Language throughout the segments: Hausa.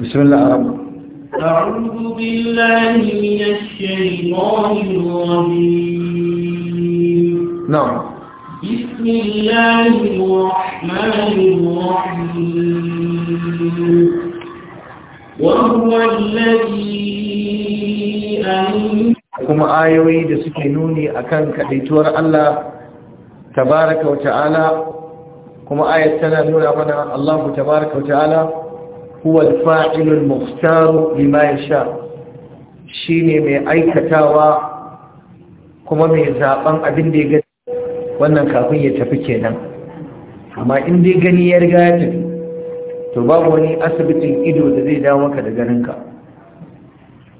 بسم الله الرحمن أعوذ بالله من الشيطان الرجيم نعم بسم الله الرحمن الرحيم وهو الذي أنزل kuma ayoyi da suke nuni akan kaɗaituwar Allah tabaraka wa ta'ala kuma ayat tana nuna mana Allahu tabaraka wa ta'ala هو الفاعل المختار لما يشاء shine mai aikatawa kuma mai zaben abin da ya gani wannan kafin ya tafi kenan amma in dai gani ya riga ya tafi to babu wani asibitin ido da zai dawo maka da ganinka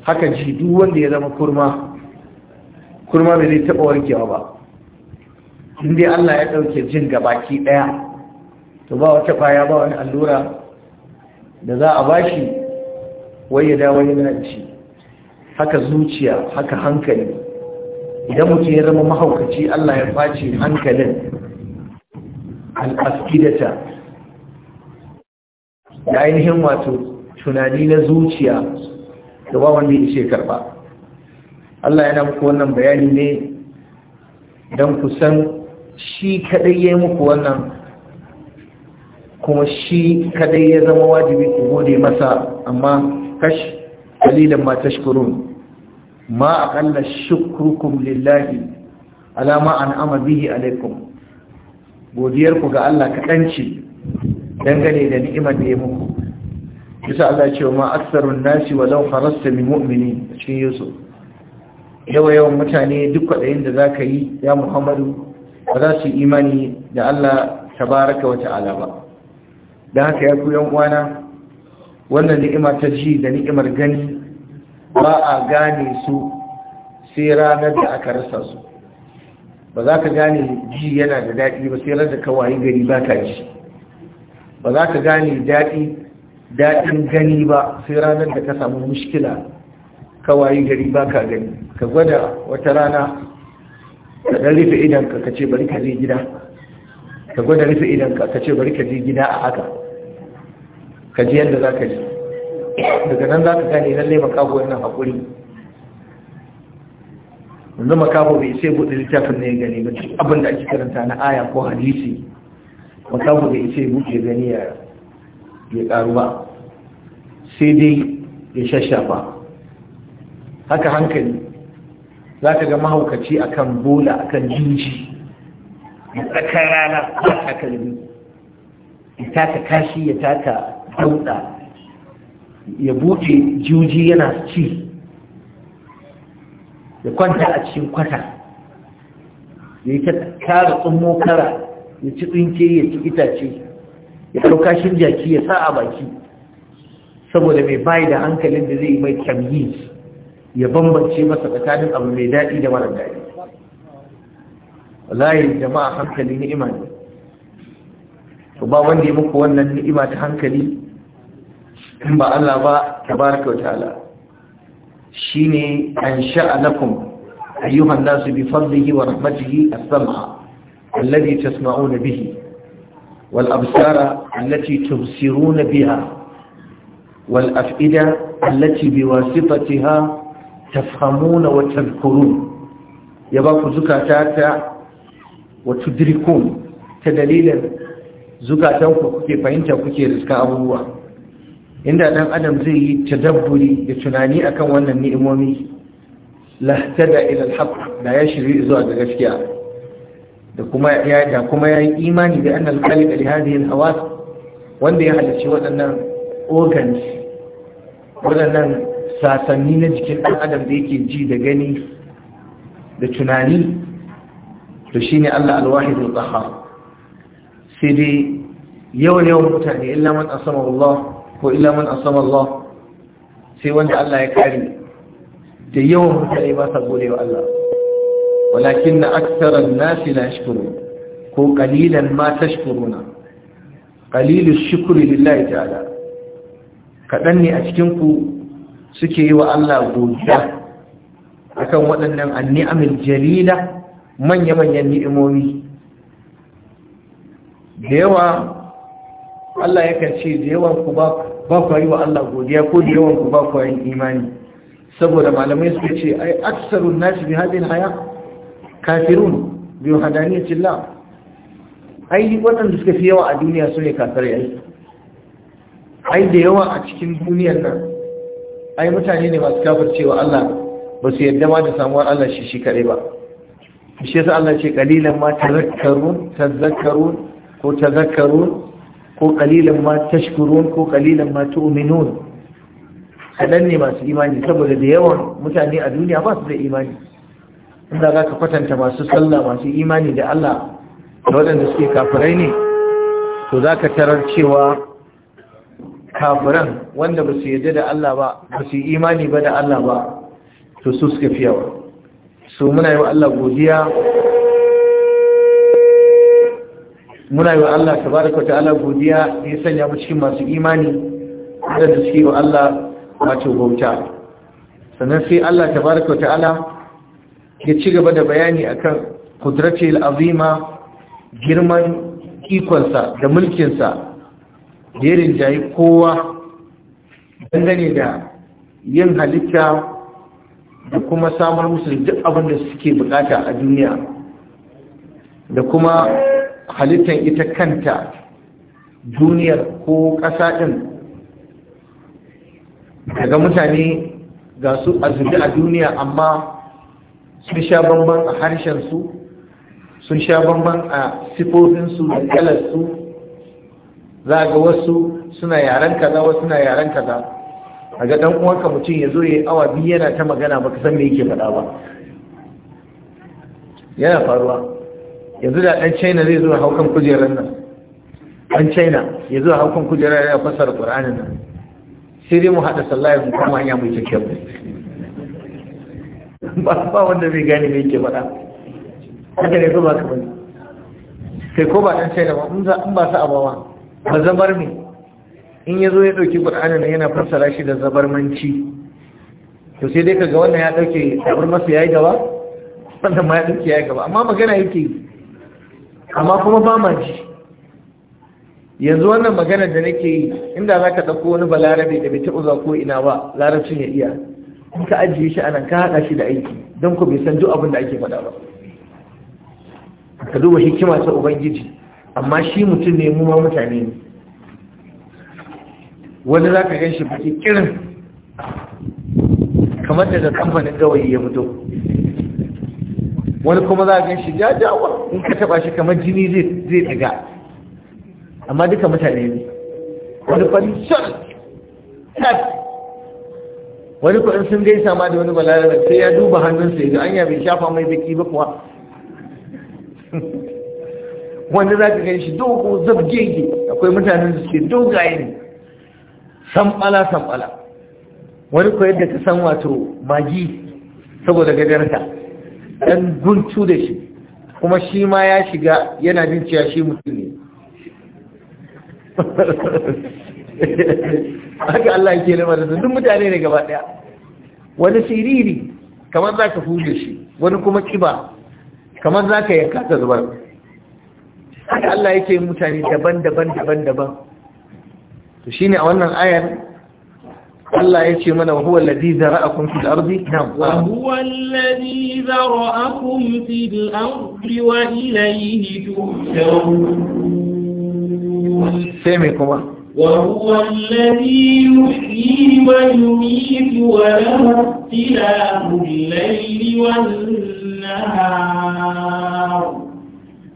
Haka ji duk wanda ya zama kurma kurma bai zai taba warkewa ba in dai Allah ya ɗauke jin gabaki ɗaya to ba wata kwaya ba wani allura da za a bashi wai ya dawo yana na ci haka zuciya haka hankali idan mutum ya zama mahaukaci Allah ya face hankalin al'afidata da ainihin wato tunani na zuciya da ba wanda ya ce karba Allah yana muku wannan bayani ne don ku san shi kaɗai ya yi muku wannan kuma shi kadai ya zama wajibi ku gode masa amma kash kalilan ma tashkurun ma aqalla shukrukum lillahi ala ma an'ama bihi alaikum godiyar ku ga Allah kadan ce dangane da ni'imar da ya muku bisa Allah ya ce ma aksarun nasi walau farasta min mu'minin cikin Yusuf yawa yawan mutane duk kwadayin da zaka yi ya Muhammadu ba za su imani da Allah tabaraka wa ta'ala ba da haka ya kuyan uwana wannan ni'ima ta ji da ni'imar gani ba a gane su sai ranar da aka rasa su ba za ka gane ji yana da daɗi ba sai ranar da ka wayi gari ba ka ji ba za ka gane daɗi daɗin gani ba sai ranar da ka samu mushkila ka wayi gari ba ka gani ka gwada wata rana ka ɗan rufe idanka ka ce bari ka je gida ka gwada rufe idanka ka ce bari ka je gida a haka ka ji yadda za ka ji daga nan za ka gane lallai makaho yana haƙuri wanda makaho bai ce buɗe littafin na ya gani ba duk abinda ake karanta na aya ko hadisi makaho bai ce buɗe gani ya ƙaru ba sai dai ya shashafa haka hankali za ka ga mahaukaci akan bola akan jinji a tsakar rana a takalmi ya taka kashi ya taka dauda ya buɗe juji yana ci ya kwanta a cikin kwata ya yi ta kara tsummo kara ya ci tsinke ya ci itace ya ɗauka shi jaki ya sa a baki saboda mai bayi da hankalin da zai mai tamyiz ya bambance masa tsakanin abu mai daɗi da mara daɗi wallahi jama'a hankali ni'ima ne to ba wanda ya muku wannan ni'ima ta hankali in ba Allah ba ta wa ta'ala shine an sha'a lakum ayyuhan nasu bi fadlihi wa rahmatihi as-sam'a alladhi tasma'una bihi wal absara allati tubsiruna biha wal af'ida allati biwasitatiha tafhamuna wa tadhkurun ya ba ku zukata ta wa tudrikun ta dalilin zukatanku kuke fahimta kuke riska abubuwa inda dan adam zai yi tadabburi da tunani akan wannan ni'imomi lahtada ila alhaq da ya shiri zuwa ga gaskiya da kuma ya da kuma ya yi imani da annal khaliq li hadhihi alhawas wanda ya halarci waɗannan organs waɗannan sasanni na jikin ɗan adam da yake ji da gani da tunani to shine Allah alwahid alqahhar sai dai yawan yawan mutane illa man asama Allah ko illa man asama Allah sai wanda Allah ya kare da yawan mutane ba sa gode wa Allah walakin na aksaran nasi la shukuru ko kalilan ma tashkuruna qalilu shukri lillahi ta'ala kadan ne a cikin ku suke yi wa Allah godiya akan waɗannan anni'amil jalila manya-manyan ni'imomi da yawa Allah yakan ce da yawan ku ba ku yi wa Allah godiya ko da yawan ku ba ku yin imani saboda malamai suka ce ai aksarun nasu bi hadin haya kafirun bi Allah ai waɗanda suka fi yawa a duniya su ne kafir ai ai da yawa a cikin duniyar nan ai mutane ne masu kafircewa Allah ba su yadda ma da samuwar Allah shi shi kaɗai ba shi yasa Allah ce kalilan ma tazakkarun tazakkarun ko tazakkarun ko kalilan ma tashkurun ko kalilan ma tu'minun kadan ne masu imani saboda da yawan mutane a duniya ba su da imani inda za ka kwatanta masu sallah masu imani da Allah da waɗanda suke kafirai ne to za ka tarar cewa kafiran wanda ba su yarda da Allah ba ba su imani ba da Allah ba to su suke fi yawa so muna yi wa Allah godiya muna yi wa Allah tabaraka ta'ala godiya ya sanya mu cikin masu imani da da suke wa Allah wato bauta sannan sai Allah tabaraka ta'ala ya ci gaba da bayani akan kudratil azima girman ikonsa da mulkinsa da ya rinjaye kowa dangane da yin halitta da kuma samun musu duk abin suke bukata a duniya da kuma halittar ita kanta duniyar ko ƙasa ɗin daga mutane ga su a a duniya amma sun sha bamban a harshensu sun sha bamban a sifofinsu da kalarsu za ga wasu suna yaren kaza wasu suna yaren kaza a ga ɗan uwanka mutum ya zo ya yi awa biyu yana ta magana ka san me yake faɗa ba yana faruwa yanzu da ɗan china zai zuwa haukan kujerar nan ɗan china ya zuwa haukan kujerar ya fasara ƙur'anin nan sai dai mu haɗa sallah mu kuma hanya mai kyakkyawa ba ba wanda zai gane me yake faɗa haka ne ko ba ka bani sai ko ba ɗan china ba in ba su abawa ba zabar me in ya zo ya ɗauki ƙur'anin nan yana fassara shi da zabarmanci to sai dai kaga wannan ya ɗauke tabar masu ya yi gaba wannan ma ya ɗauke ya yi gaba amma magana yake yi amma kuma ba ma ji yanzu wannan magana da nake yi inda za ka ɗauko wani balarabe da bai taɓa zuwa ko ina ba larabcin ya iya in ka ajiye shi anan ka haɗa shi da aiki don ku bai san duk abin da ake faɗa ba ka duba hikima ta ubangiji amma shi mutum ne mu ma mutane ne wani za ka gan shi baki kirin kamar da kamfanin gawayi ya fito wani kuma za a gan shi jajawa in ka taba shi kamar jini zai daga amma duka mutane ne wani fari shan wani kuɗin sun gai sama da wani balarar sai ya duba hannunsa ya anya bai shafa mai baki ba kuwa wanda za ka gan shi dogo zabgege akwai mutanen da suke dogaye ne sambala sambala wani ko yadda ka san wato magi saboda gajarta dan guntu da shi kuma shi ma ya shiga yana jin cewa shi mutum ne haka Allah yake lamar da duk mutane ne gaba daya wani siriri kamar za ka huje shi wani kuma kiba kamar za ka yanka ta zubar haka Allah yake mutane daban-daban daban-daban to shine a wannan ayar الله يتي من وهو الذي ذرأكم في الأرض نعم وهو الذي ذرأكم في الأرض وإليه تحشرون سيميكم وهو الذي يحيي ويميت وله اختلاف الليل والنهار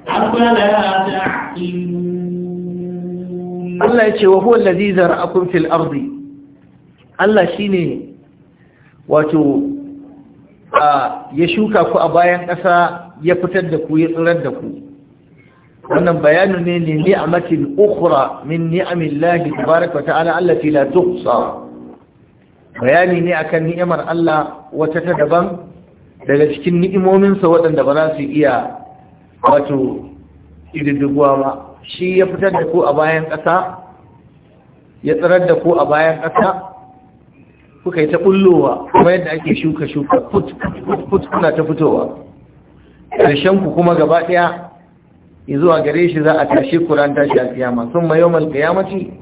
أفلا تعقلون الله يتي وهو الذي ذرأكم في الأرض Allah shine wato ya shuka ku a bayan ƙasa ya fitar da ku ya tsirar da ku wannan bayanin ne ne ni'amatin ukhra min ni'amillahi tabaraka ta'ala allati la tuhsa bayani ne akan ni'amar Allah wata ta daban daga cikin ni'imominsa waɗanda ba za su iya wato ididdiguwa ba shi ya fitar da ku a bayan ƙasa ya tsirar da ku a bayan ƙasa kuka yi ta bullowa kuma yadda ake shuka shuka put put kuna ta fitowa ƙarshen ku kuma gaba ɗaya zuwa gare shi za a tashi kuran tashi alƙiyama sun ma ya qiyamati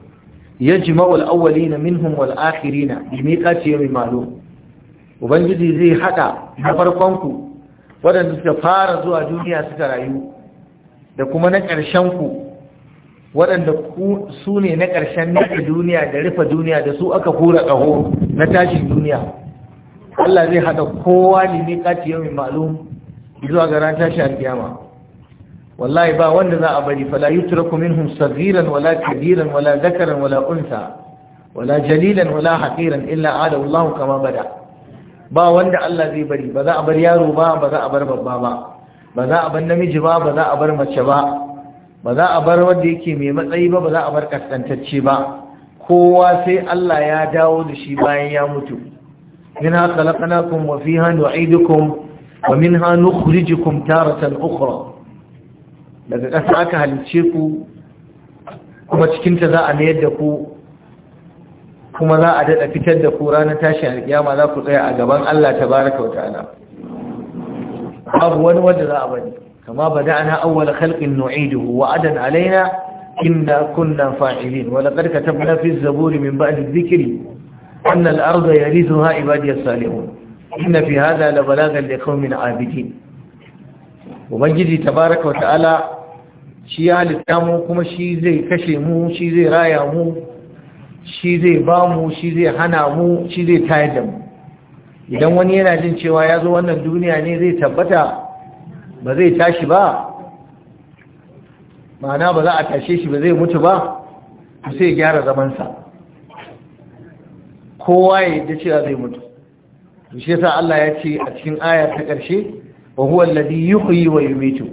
yajma'u al na minhum wal akhirina bi miqati yawmin malo ubangiji zai haɗa na farkon ku waɗanda suka fara zuwa duniya suka rayu da kuma na ƙarshen ku waɗanda su ne na ƙarshen naɗe duniya da rufe duniya da su aka hura ƙaho na tashin duniya Allah zai haɗa kowa ne ne ƙati yau mai malum zuwa ga ran tashin alƙiyama wallahi ba wanda za a bari fala yutraku minhum saghiran wala kabiran wala zakaran wala unsa wala jalilan wala haqiran illa ada Allah kama bada ba wanda Allah zai bari ba za a bar yaro ba ba za a bar babba ba ba za a bar namiji ba ba za a bar mace ba ba za a bar wanda yake mai matsayi ba ba za a bar kaskantacce ba kowa sai Allah ya dawo da shi bayan ya mutu minha khalaqnakum wa fiha nu'idukum wa minha nukhrijukum taratan ukhra daga ƙasa aka halice ku kuma cikin ta za a mayar da ku kuma za a daɗa fitar da ku ranar tashi alƙiyama za ku tsaya a gaban Allah tabaraka wa ta'ala babu wani wanda za a bari كما بدأنا أول خلق نعيده وعدا علينا إنا كنا فاعلين ولقد كتبنا في الزبور من بعد الذكر أن الأرض يريثها عبادي الصالحون إن في هذا لبلاغا لقوم عابدين وبنجي تبارك وتعالى shi ya halitta mu kuma shi zai kashe mu shi zai raya mu shi zai ba mu shi zai hana mu shi zai tayar da mu idan wani yana jin cewa ya zo wannan duniya ne zai tabbata ba zai tashi ba ma'ana ba za a tashe shi ba zai mutu ba sai gyara zamansa kowa ya yadda cewa zai mutu shi yasa Allah ya ce a cikin aya ta ƙarshe wa huwa alladhi yuhyi wa yumitu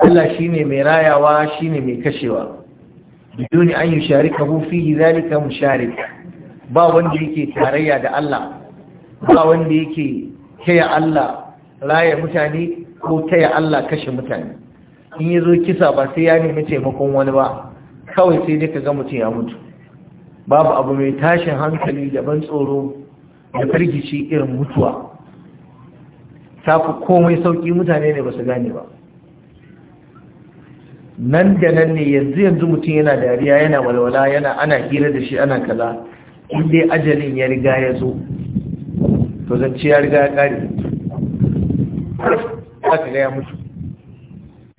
Allah shine mai rayawa shine mai kashewa biduni an yusharikahu fihi zalika musharik ba wanda yake tarayya da Allah ba wanda yake kaya Allah raya mutane ko ta ya Allah kashe mutane in ya zo kisa ba sai ya nemi taimakon wani ba kawai sai dai ka ga mutum ya mutu babu abu mai tashin hankali da ban tsoro da firgici irin mutuwa ta fi komai sauƙi mutane ne ba su gane ba nan da nan ne yanzu yanzu mutum yana dariya yana walwala yana ana hira da shi ana kaza in dai ajalin ya riga ya zo to zance ya riga ya kare za ka gaya mutu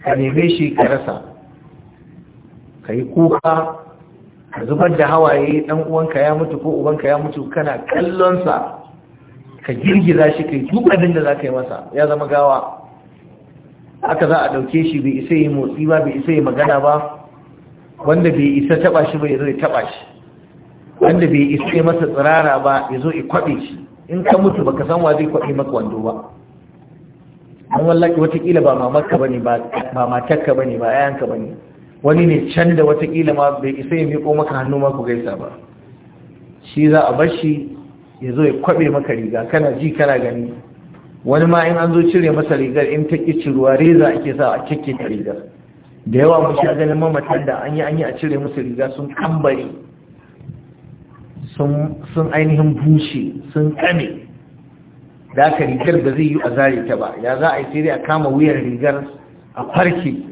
ka neme shi ka rasa ka yi kuka ka zubar da hawaye ɗan uwanka ya mutu ko ubanka ya mutu kana kallonsa ka girgiza shi ka yi abin da za ka yi masa ya zama gawa aka za a ɗauke shi bai isa yi motsi ba bai isa yi magana ba wanda bai isa taɓa shi bai zo ya taɓa shi wanda bai isa yi masa tsirara ba ya zo ya kwaɓe shi in ka mutu baka san wa zai kwaɓe maka wando ba an wallaki watakila ba mamarka ba ne ba matakka ba ne ba yayanka ba ne wani ne can da watakila ma bai isa ya miƙo maka hannu ma ku gaisa ba shi za a bar shi ya zo ya kwaɓe maka riga kana ji kana gani wani ma in an zo cire masa rigar in ta ƙi ciruwa reza ake sa a cikin ta rigar da yawa mu sha ganin mamatan da an yi an yi a cire masa riga sun kambare sun ainihin bushe sun kame da aka rigar ba zai yi a zarita ta ba ya za a yi sai a kama wuyar rigar a farki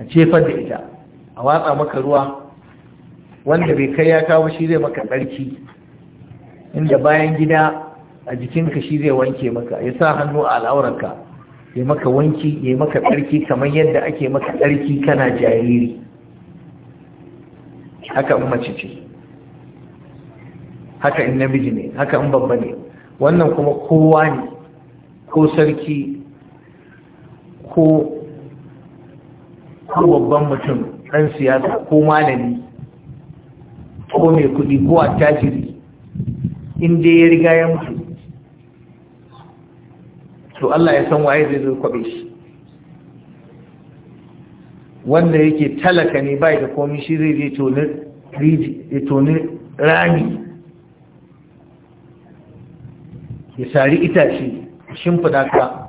a cefar da ita a watsa maka ruwa wanda bai kai ya kawo shi zai maka ɗarki. inda bayan gida a jikinka shi zai wanke maka ya sa hannu a al'auranka ya maka wanki ya maka ɗarki kamar yadda ake maka ɗarki kana jariri haka in mace ce haka in namiji ne haka in babba ne wannan kuma kowa ne ko sarki ko babban mutum ɗan siyasa ko malami ko mai kuɗi ko attajiri in dai ya riga ya mutu to Allah ya san waye zai zo kwabe shi wanda yake talaka ne bai da komai shi zai je toni rami ya sari itace shimfiɗa ka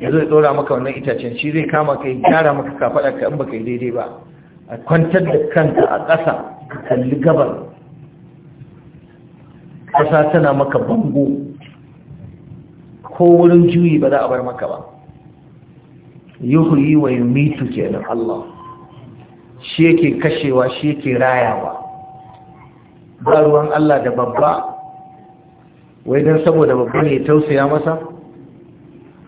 ya zo ya tsora maka wannan itacen shi zai kama kai gyara maka kafaɗa ka in baka daidai ba a kwantar da kanka a ƙasa ka kalli gabar ƙasa tana maka bango ko wurin juyi ba za a bar maka ba yuhyi wa ke nan Allah shi yake kashewa shi yake rayawa ba ruwan Allah da babba wai don saboda babba ne tausaya masa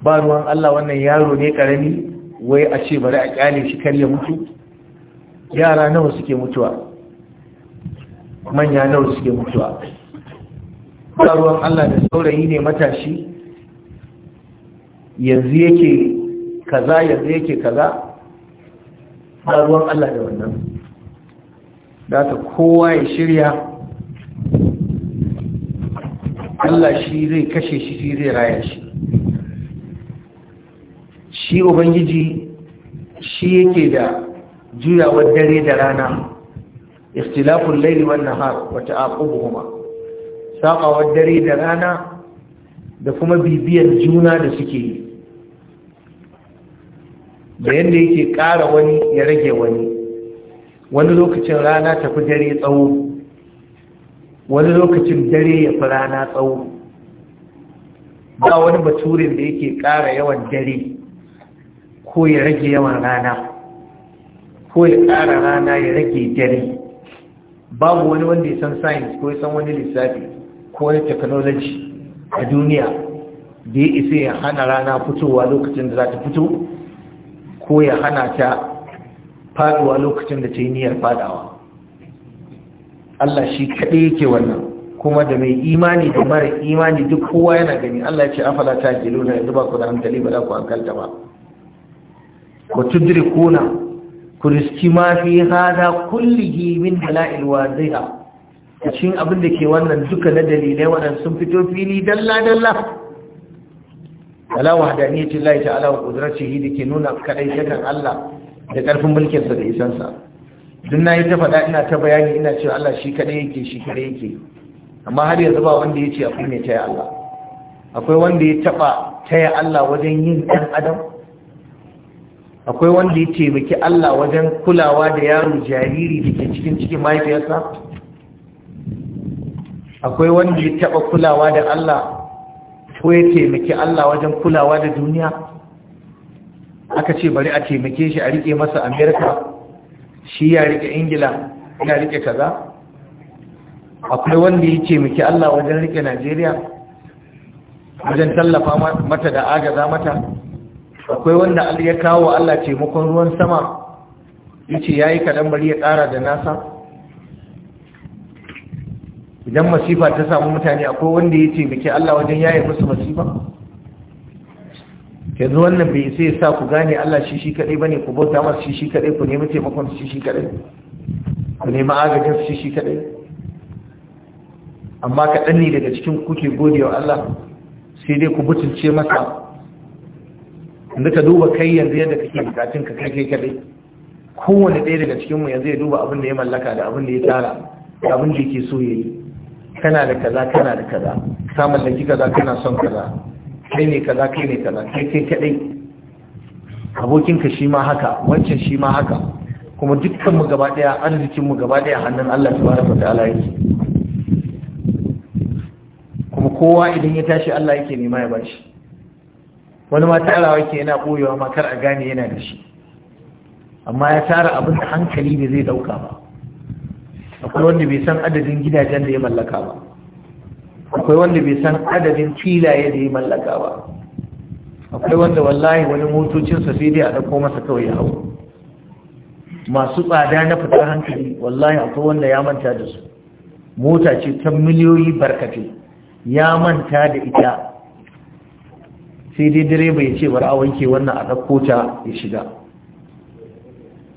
ba ruwan Allah wannan yaro ne karami wai a ce bari a kyale shi kar ya mutu yara nawa suke mutuwa manya nawa suke mutuwa ba ruwan Allah da saurayi ne matashi yanzu yake kaza yanzu yake kaza ba ruwan Allah da wannan da kowa ya shirya Allah shi zai kashe shi shi zai raya shi shi ubangiji shi yake da juyawar dare da rana istilafun laili wan nahar wa ta'aqubuhuma saqawar dare da rana da kuma bibiyar juna da suke yi da yadda yake ƙara wani ya rage wani wani lokacin rana tafi dare tsawo wani lokacin dare ya fi rana tsawo ba wani baturin da yake ƙara yawan dare ko ya rage yawan rana ko ya ƙara rana ya rage dare babu wani wanda ya san science ko ya san wani lissafi ko wani technology a duniya da ya isa ya hana rana fitowa lokacin da za ta fito ko ya hana ta faduwa lokacin da ta yi niyyar fadawa Allah shi kaɗai yake wannan kuma da mai imani da mara imani duk kowa yana gani Allah ya ce afala ta gilu na yanzu ba ku da hankali ba za ku hankalta ba ku tudiri kuna ku riski ma fi hada kullihi min dala'il wadiha cikin abin da ke wannan duka na dalilai waɗanda sun fito fili dalla dalla ala wahdaniyatin Allah ta'ala wa qudratihi dake nuna kadai shakan Allah da karfin mulkin sa da isansa duk na yi ta faɗa ina ta bayani ina cewa Allah shi kaɗai yake shi kaɗai yake amma har yanzu ba wanda ya ce akwai mai taya Allah akwai wanda ya taɓa taya Allah wajen yin ɗan adam akwai wanda ya taimaki Allah wajen kulawa da yaro jariri da ke cikin cikin mahaifiyarsa akwai wanda ya taɓa kulawa da Allah ko ya taimaki Allah wajen kulawa da duniya aka ce bari a taimake shi a riƙe masa amerika shi ya rike ingila ya rike kaza akwai wanda ya ce miki allah wajen rike najeriya wajen tallafa mata da agaza mata akwai wanda ya kawo allah taimakon ruwan sama ya ce ya yi kaɗan bari ya ƙara da nasa idan masifa ta samu mutane akwai wanda ya ce miki allah wajen yaye musu masifa yanzu wannan bai sai ya sa ku gane Allah shi shi ba bane ku bauta masa shi shi kadai ku nemi taimakon shi shi kadai ku nemi agajin shi shi kadai amma kaɗan ne daga cikin kuke gode wa Allah sai dai ku butulce masa inda ka duba kai yanzu yadda kake bukatun ka kai kai kadai kowane ɗaya daga cikinmu yanzu ya duba abin da ya mallaka da abin da ya tara da abin da yake so ya yi kana da kaza kana da kaza ka mallaki kaza kana son kaza kai ne kaza kai ne kaza kai kai kadai abokinka shi ma haka wancan shi ma haka kuma dukkan mu gaba daya arzikin mu gaba daya hannun Allah tabaraka ta'ala yake kuma kowa idan ya tashi Allah yake nema ya bashi wani ma tarawa yake yana koyewa ma kar a gane yana da shi amma ya tara abin da hankali ne zai dauka ba akwai wanda bai san adadin gidajen da ya mallaka ba akwai wanda bai san adadin filaye da ya mallaka ba akwai wanda wallahi wani motocinsa sai dai a ɗauko masa kawai ya hau masu tsada na fitar hankali wallahi akwai wanda ya manta da su mota ce ta miliyoyi barkatai ya manta da ita sai dai direba ya ce bar a wanke wannan a ɗauko ta ya shiga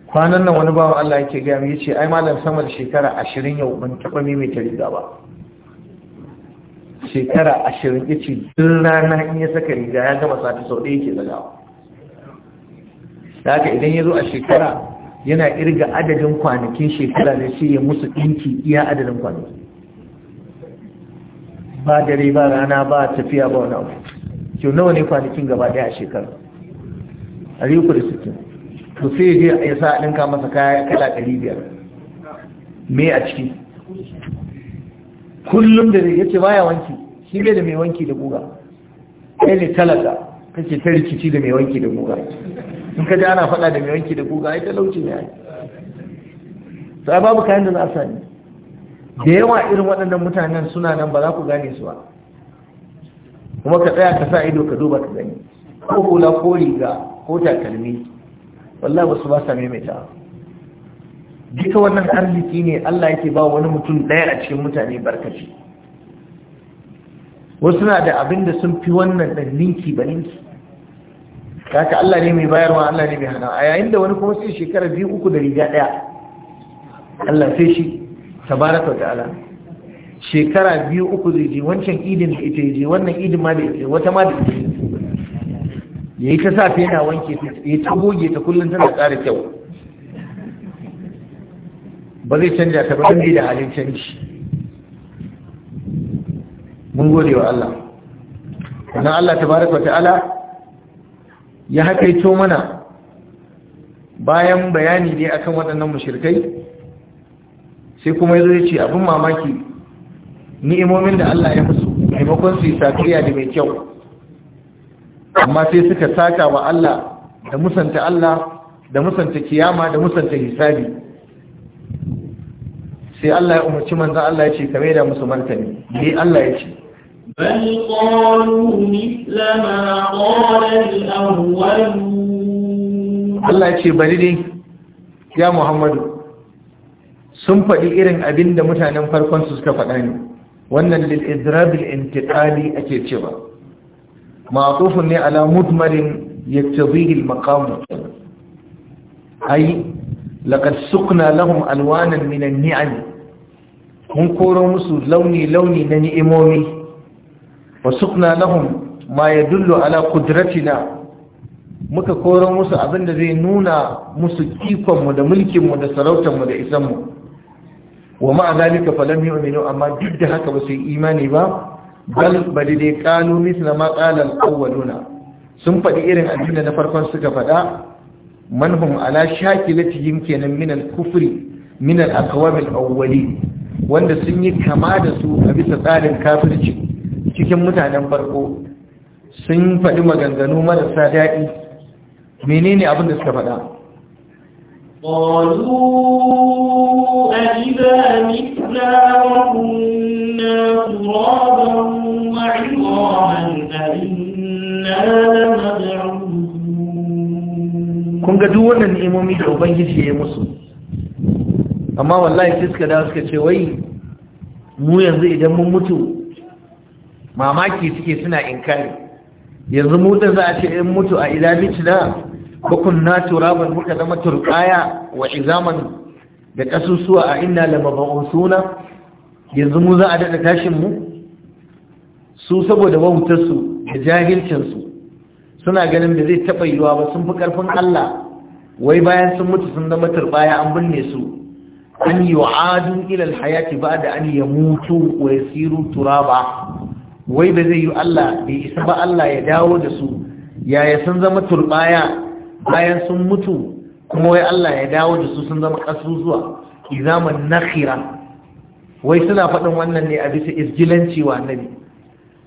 kwanan nan wani bawa Allah yake gaya ya ce ai malam sama da shekara ashirin yau ban taɓa maimaita riga ba shekara ashirin ya ce duk rana in ya saka riga ya gama sati sau ɗaya ke zagawa da haka idan ya zo a shekara yana irga adadin kwanakin shekara da shi ya musu ɗinki iya adadin kwanaki ba dare ba rana ba tafiya ba wani abu kyau nawa ne kwanakin gaba ɗaya a shekara a riyu da sittin to sai ya je ya sa ɗinka masa kaya kala ɗari biyar me a ciki kullum da ya ce baya wanki shi bai da mai wanki da guga kai ne talaka kake ta rikici da mai wanki da guga in ka ji ana faɗa da mai wanki da guga ai talauci ne ai sai babu kayan da za a sani da yawa irin waɗannan mutanen suna nan ba za ku gane su ba kuma ka tsaya ka sa ido ka duba ka gani ko hula ko riga ko takalmi wallahi su ba sa maimaita duka wannan arziki ne Allah yake ba wani mutum ɗaya a cikin mutane barkaci wasu na da abin da sun fi wannan ɗan linki ba linki kaka Allah ne mai bayarwa Allah ne mai hana a yayin da wani kuma sai shekara biyu uku da riga ɗaya Allah sai shi tabaraka wa ta'ala shekara biyu uku zai je wancan idin da ita je wannan idin ma da ita wata ma da ita ya yi ta safe yana wanke ta ya ta goge ta kullum tana ƙara kyau ba zai canja ta ba don da halin canji mun gode wa Allah wannan Allah tabaraka ta'ala ya hakaito mana bayan bayani ne akan waɗannan mushrikai sai kuma yazo ya ce abin mamaki ni'imomin da Allah ya musu maimakon su yi sakriya da mai kyau amma sai suka saka wa Allah da musanta Allah da musanta kiyama da musanta hisabi sai Allah ya umarci manzo Allah ya ce kame da musu martani ne Allah ya ce بل قالوا مثل ما قال الأولون الله يتشي بريدي يا محمد sun faɗi irin abin da mutanen farkon su suka faɗa ne wannan lil idrabil intiqali ake cewa ma'tufun ne ala mudmarin yaktadhihi al maqam ai laqad suqna lahum alwanan min niam mun koro musu launi launi na ni'imomi وسقنا لهم ما يدل على قدرتنا muka koro musu abin da zai nuna musu ikonmu da mulkinmu da sarautarmu da isanmu wa ma'a zalika falam yu'minu amma duk da haka ba su yi imani ba bal da dai qalu mithla ma qala awwaluna sun faɗi irin abin da na farkon suka faɗa manhum ala shakilati kenan min al-kufri min al-aqwam al-awwali wanda sun yi kama da su a bisa tsarin kafirci cikin mutanen farko sun faɗi maganganu marasa daɗi menene abin da suka faɗa قالوا a متنا وكنا ترابا kun ga wannan ni'imomi da ubangiji ya yi musu amma wallahi sai suka suka ce wai mu yanzu idan mun mutu mamaki suke suna inkari yanzu mu da za a ce in mutu a ila mitina ko kunna turaban muka zama turqaya wa izaman da kasusuwa a inna lamab'usuna yanzu mu za a dada tashin mu su saboda wautarsu da jahilcinsu suna ganin da zai taɓa yiwa ba sun fi ƙarfin Allah wai bayan sun mutu sun zama turbaya an binne su an yi wa adun ilal hayati ba da an ya mutu wa ya siru turaba wai ba zai yi Allah bai isa ba Allah ya dawo da su yaya sun zama turbaya bayan sun mutu kuma wai Allah ya dawo da su sun zama kasusuwa izaman nakhira wai suna faɗin wannan ne a bisa isgilanci wa annabi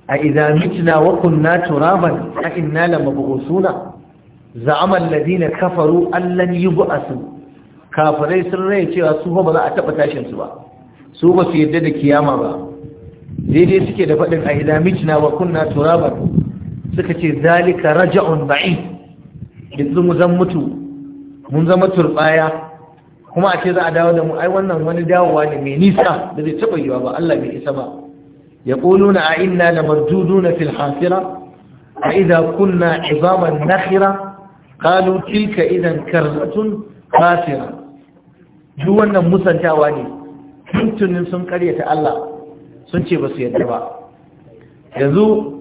a idza mitna wa kunna turaban a inna lamabghusuna za'ama alladhina kafaru allan yub'asu kafirai sun rai cewa su ba za a taɓa tashin su ba su ba su yadda da kiyama ba daidai suke da faɗin a idza mitna wa kunna turaban suka ce zalika raja'un bai yanzu mu zan mutu mun zama turbaya kuma a ce za a dawo da mu ai wannan wani dawowa ne mai nisa da zai taɓa yiwa ba Allah bai isa ba Ya yaquluna a inna lamarduduna fil hasira a idan kunna izaman nakhira qalu tilka idan karratun hasira. duk wannan musantawa ne tuntunin sun karyata Allah sun ce ba su yadda ba yanzu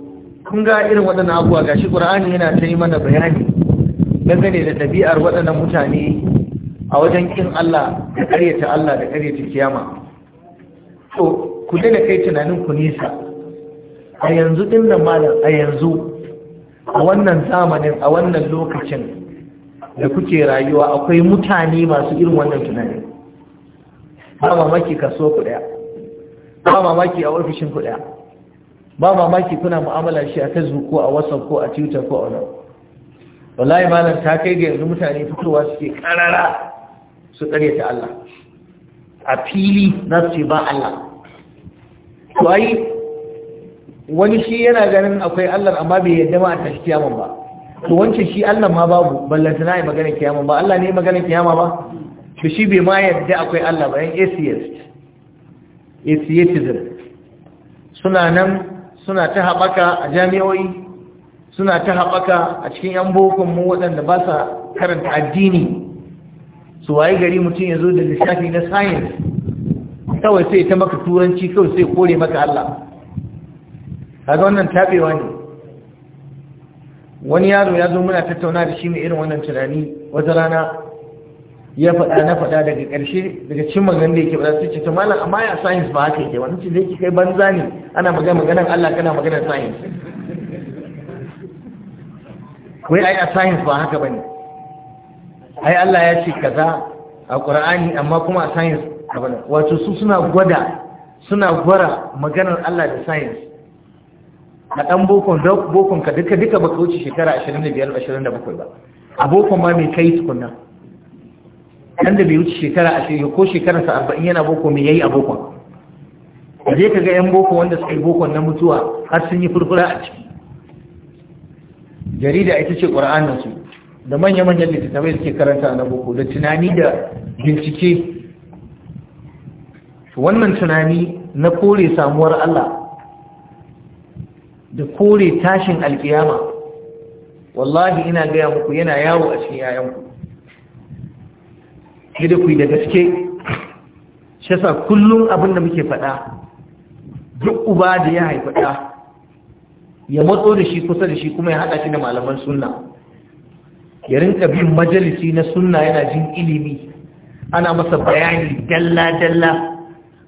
kun ga irin waɗannan abuwa gashi ƙur'ani yana ta yi mana bayani dangane da ɗabi'ar waɗannan mutane a wajen ƙin Allah da ƙaryata Allah da ƙaryata kiyama to ku daina kai tunanin ku nisa a yanzu ɗin nan malam a yanzu a wannan zamanin a wannan lokacin da kuke rayuwa akwai mutane masu irin wannan tunanin ba mamaki kaso ku ɗaya ba mamaki a ofishin ku ba mamaki kuna mu'amala shi a Facebook ko a WhatsApp ko a Twitter ko a nan wallahi malam ta kai ga yanzu mutane fitowa suke karara su tsare ta Allah a fili na su ba Allah to ai wani shi yana ganin akwai Allah amma bai yadda ma a tashi kiyaman ba to wance shi Allah ma babu ballanta na yi magana kiyaman ba Allah ne magana kiyama ba to shi bai ma yadda akwai Allah ba yan atheist atheism suna nan suna ta haɓaka a jami'o'i suna ta haɓaka a cikin 'yan mu waɗanda ba sa karanta addini su waye gari mutum ya zo da lissafi na science kawai sai ta maka turanci kawai sai kore maka Allah kaga wannan taɓewa ne wani yaro ya zo muna tattauna da shi mai irin wannan tunani wata rana ya faɗa na faɗa daga ƙarshe daga cin magan da yake ba su ce ta malam amma ya science ba haka yake wani ce yake kai banza ne ana magana maganar Allah kana maganar science wai ai a science ba haka bane ai Allah ya ce kaza a Qur'ani amma kuma a science abana wato su suna gwada suna gwara maganar Allah da science a ɗan bokon bokon ka duka duka baka wuce shekara 25 27 ba a bokon ma mai kai tukunna Yan da bai wuce shekara ashirin ko shekararsa arba'in yana boko me yayi a je ka ga yan boko wanda suka yi bokon na mutuwa har sun yi furfura a ciki jarida ita ce ƙura'anin su da manya-manyan littattafai suke karanta na boko da tunani da bincike wannan tunani na kore samuwar Allah da kore tashin alkiyama wallahi ina gaya muku yana yawo a cikin yayanku sai da ku da gaske shi kullum abin da muke faɗa duk uba da ya haifa ɗa ya matso da shi kusa da shi kuma ya haɗa shi da malaman sunna ya rinka bin majalisi na sunna yana jin ilimi ana masa bayani dalla-dalla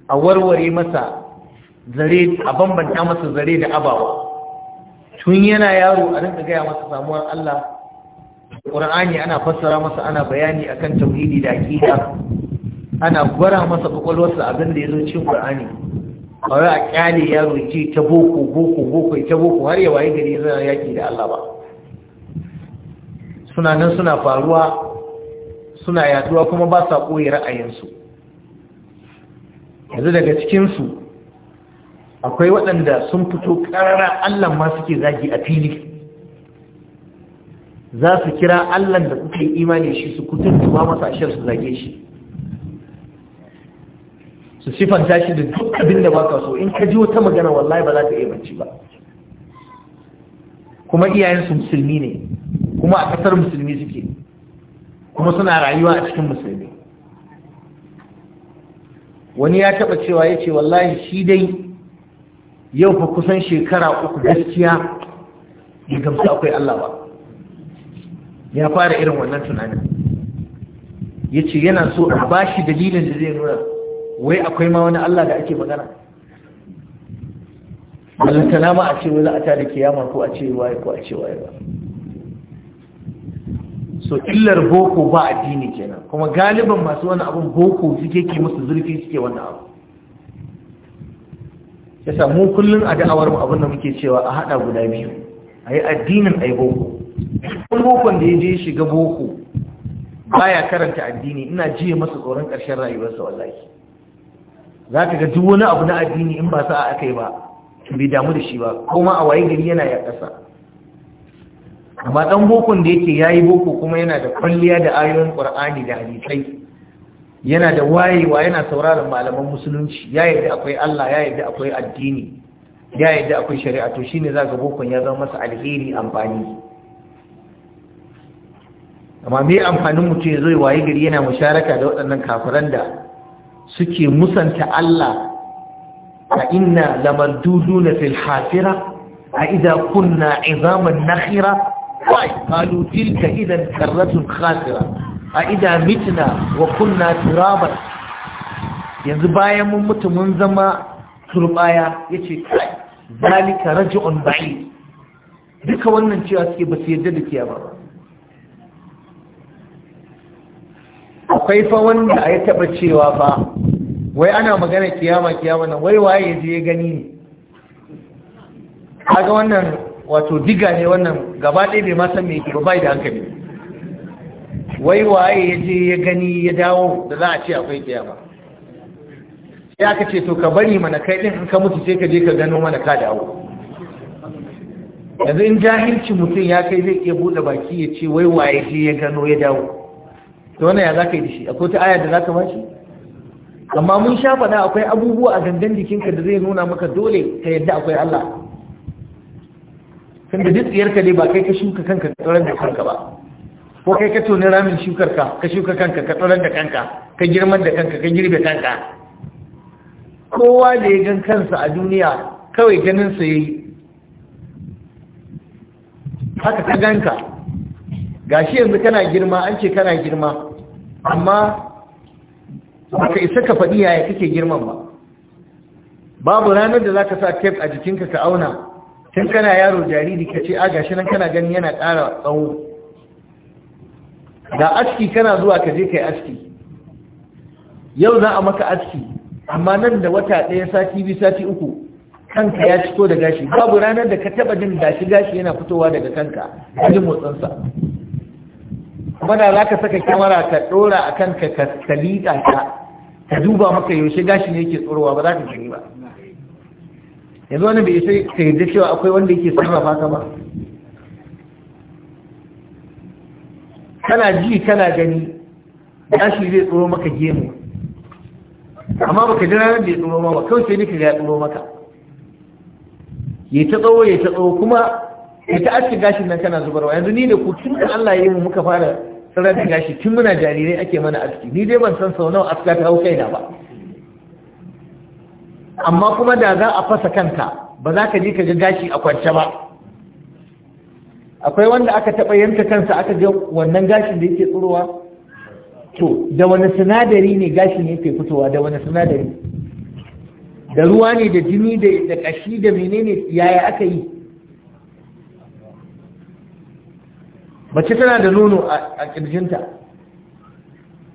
a warware masa zare a bambanta masa zare da abawa tun yana yaro a rinka gaya masa samuwar Allah Ƙur'ani ana fassara masa ana bayani akan tauhidi da aqida ana gwara masa kwakwalwarsa abin da ya zo cikin Ƙur'ani. kawai a kyale yaro ce ta boko boko boko ta boko har ya waye gari yana yaki da Allah ba suna nan suna faruwa suna yaduwa kuma ba sa koyi ra'ayinsu yanzu daga cikinsu akwai waɗanda sun fito ƙarara Allah ma suke zagi a fili za su kira Allah da kuka yi imani shi su kutun ba masa ashir su zage shi su sifanta shi da duk abin da baka so in ka ji wata magana wallahi ba za ta iya ba kuma iyayensu musulmi ne kuma a kasar musulmi suke kuma suna rayuwa a cikin musulmi wani ya taba cewa ya ce wallahi shi dai yau fa kusan shekara uku gaskiya ya gamsu akwai Allah ba ya fara irin wannan tunanin ya ce yana so a ba shi dalilin da zai nuna wai akwai ma wani Allah da ake magana balantana ma a ce wani za a tada kiyama ko a ce waye ko a ce waye ba so illar boko ba addini kenan kuma galiban masu wani abun boko suke ke musu zurfi suke wani abu Ya mu kullum a da'awar mu abin da muke cewa a hada guda biyu a yi addinin a yi boko kun bokon da ya je shiga boko baya karanta addini ina jiya masa tsoron ƙarshen rayuwarsa wallahi za ka ga wani abu na addini in ba sa'a aka yi ba bai damu da shi ba kuma a waye gari yana ya ƙasa amma ɗan bokon da yake ya yi boko kuma yana da kwalliya da ayoyin ƙwar'ani da hadisai yana da wayewa yana sauraron malaman musulunci ya yadda akwai Allah ya yadda akwai addini ya yadda akwai shari'a to shine ga bokon ya zama masa alheri amfani amma me amfanin mutum ya zo ya waye gari yana musharaka da waɗannan kafiran da suke musanta Allah a inna na fil hafira a idza kunna izaman nakhira wai qalu tilka idan karratun khasira a idza mitna wa kunna turaban yanzu bayan mun mutu mun zama turbaya yace kai zalika raj'un ba'id duka wannan cewa suke basu yarda da kiyama ba akwai fa wanda a ya taɓa cewa fa wai ana magana kiyama kiyama nan wai waye ya je ya gani ne ga wannan wato diga ne wannan gaba ɗaya bai ma san me yake ba bai da hankali wai waye ya je ya gani ya dawo da za a ce akwai kiyama sai aka ce to ka bari mana kai ɗin, in ka mutu sai ka je ka gano mana ka dawo yanzu in jahilci mutum ya kai zai iya buɗe baki ya ce wai waye je ya gano ya dawo to wannan ya zaka yi da shi akwai ta aya da zaka bashi amma mun sha faɗa akwai abubuwa a gangan jikinka da zai nuna maka dole ka yadda akwai Allah tunda duk ka dai ba kai ka shuka kanka ka tsoron da kanka ba ko kai ka toni ramin shukar ka ka shuka kanka ka tsoron da kanka ka girman da kanka ka girbe kanka kowa da ya gan kansa a duniya kawai ganin sa yayi haka ka ganka gashi yanzu kana girma an ce kana girma amma baka isa ka faɗi yaya kake girman ba babu ranar da za ka sa tape a jikinka ka auna tun kana yaro jariri ka ce a gashi nan kana gani yana ƙara tsawo da aski kana zuwa ka je kai aski yau za a maka aski amma nan da wata ɗaya sati biyu sati uku kanka ya fito da gashi babu ranar da ka taɓa jin gashi gashi yana fitowa daga kanka ji motsinsa kuma da za ka saka kyamara ka ɗora a kan ka salita ka ka duba maka yaushe gashi ne yake tsorowa ba za ka gani ba yanzu wani bai sai ka yadda cewa akwai wanda yake sarrafa ka ba kana ji kana gani gashi zai tsoro maka gemu amma baka ji ranar da ya tsoro ba kawai sai nika ya tsoro maka ya ta tsawo ya ta tsawo kuma ya ta aske gashin nan kana zubarwa yanzu ni ne ku tun da Allah ya yi mu muka fara tsara da gashi tun muna jarirai ake mana aski ni dai ban san sau nawa aska ta hau kaina ba amma kuma da za a fasa kanka, ba za ka je ka ga gashi a kwance ba akwai wanda aka taɓa yanka kansa aka ga wannan gashin da yake tsurowa to da wani sinadari ne gashin yake fitowa da wani sinadari da ruwa ne da jini da ƙashi da menene yaya aka yi mace tana da nono a kirjinta